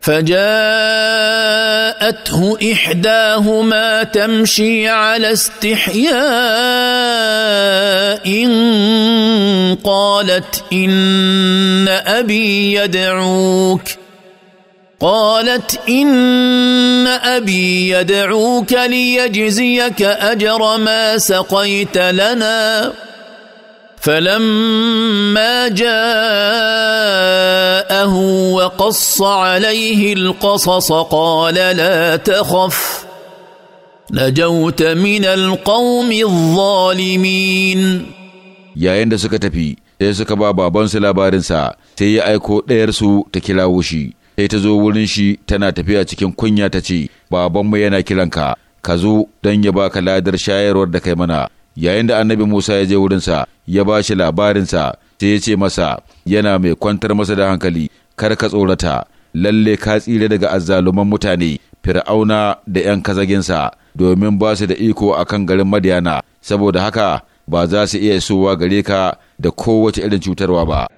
فجاءته احداهما تمشي على استحياء قالت ان ابي يدعوك قالت ان ابي يدعوك ليجزيك اجر ما سقيت لنا فلما جاء فقص عليه القصص قال لا تخف نجوت من القوم الظالمين yayin da suka tafi sai suka ba babansu labarinsa sai ya aiko ɗayarsu ta kirawo shi sai ta zo wurin shi tana tafiya cikin kunya ta ce babanmu yana kiranka ka zo don ya baka ladar shayarwar da kai mana yayin da annabi Musa ya je wurinsa ya ba shi labarinsa sai ya ce masa yana mai kwantar masa da hankali kar ka tsorata lalle ka tsire daga azzaluman mutane fir'auna da 'yan kazaginsa domin ba su da iko a kan garin madiyana saboda haka ba za su iya isowa gare ka da kowace irin cutarwa ba